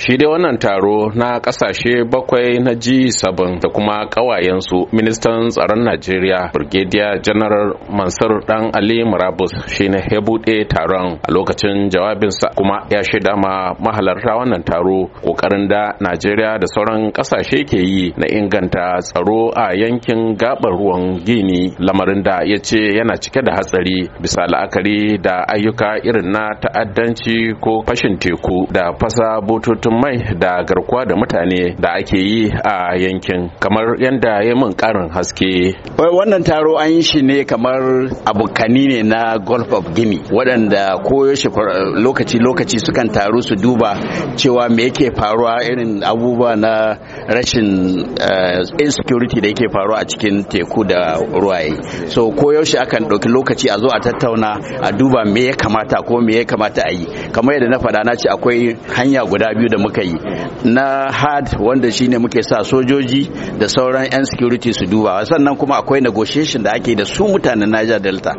shi dai wannan taro na kasashe bakwai na ji 7 da kuma kawayensu ministan tsaron najeriya brigadier general mansur dan ali murabus shine ya buɗe taron a lokacin jawabinsa kuma ya shaida ma mahalarta wannan taro kokarin da najeriya da sauran kasashe ke yi na inganta tsaro a yankin gabar ruwan gini lamarin da ya ce yana cike da hatsari bisa la'akari da ayyuka irin na ta'addanci ko fashin teku da fasa bututun albarkatun mai da garkuwa da mutane da ake yi a yankin kamar yadda ya min karin haske wannan taro an yi shi ne kamar abokani ne na golf of guinea waɗanda koyaushe lokaci-lokaci sukan taru su duba cewa me yake faruwa irin abubuwa na rashin eh, insecurity da yake faruwa a cikin teku da ruwaye so koyaushe akan ɗauki lokaci a zo a tattauna a duba me ya kamata ko me ya kamata a yi kamar yadda na faɗa na ce akwai hanya guda biyu da muka yi na hard wanda shine muke sa sojoji da sauran 'yan security su duba sannan kuma akwai negotiation da ake da su mutanen niger delta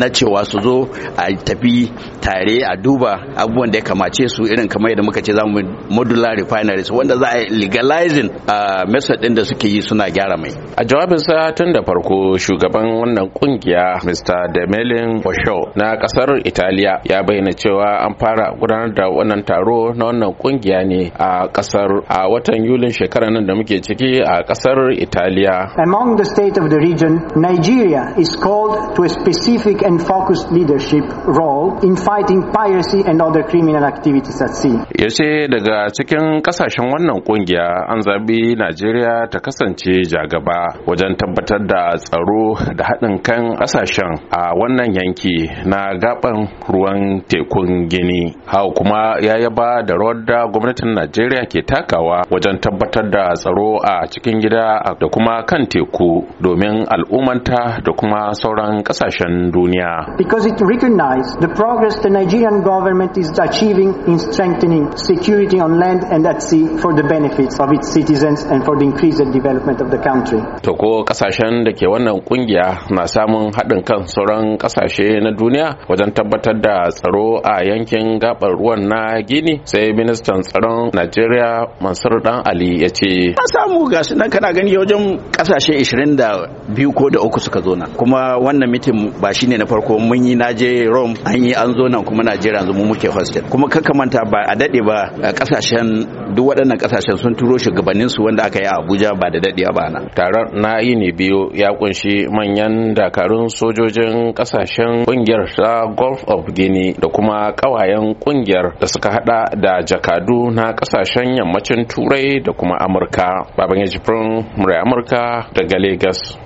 na cewa su zo a tafi tare a duba abubuwan da ya kamace su irin kamar yadda muka ce zamu modular refineries wanda za a legalizing a method din da suke yi suna gyara mai a jawabin sa tun da farko shugaban wannan kungiya Mr. Demelin Osho na kasar Italiya ya bayyana cewa an fara gudanar da wannan taro na wannan kungiya a kasar a watan yulin shekarar nan da muke ciki a kasar italiya among the state of the region nigeria is called to a specific and focused leadership role in fighting piracy and other criminal activities at sea yace daga cikin kasashen wannan kungiya an zabi nigeria ta kasance jagaba wajen tabbatar da tsaro da haɗin kan kasashen a wannan yanki na gaban ruwan tekun gini hau kuma ya yaba da rawar da gwamnatin najeriya ke takawa wajen tabbatar da tsaro a cikin gida da kuma kan teku domin al'ummanta da kuma sauran kasashen duniya because it recognizes the progress the nigerian government is achieving in strengthening security on land and at sea for the benefits of its citizens and for the increased development of the country to ko kasashen da ke wannan kungiya na samun haɗin kan sauran kasashe na duniya wajen tabbatar da tsaro a yankin gabar ruwan na gini sai ministan tsaron Najeriya Mansur Dan Ali ya ce an samu ga su nan kana gani wajen kasashe 22 ko da uku suka zo nan kuma wannan mitin ba shine na farko mun yi naje Rome an yi an zo nan kuma Najeriya yanzu mu muke hostel kuma kaka manta ba a dade ba kasashen duk waɗannan kasashen sun turo shugabannin su wanda aka yi a Abuja ba da dadewa ba na. taron na yi ne biyu ya kunshi manyan dakarun sojojin kasashen kungiyar ta Gulf of Guinea da kuma kawayen kungiyar da suka hada da jakadu na kasashen yammacin turai da kuma amurka baban ya jibrin murai amurka daga Legas.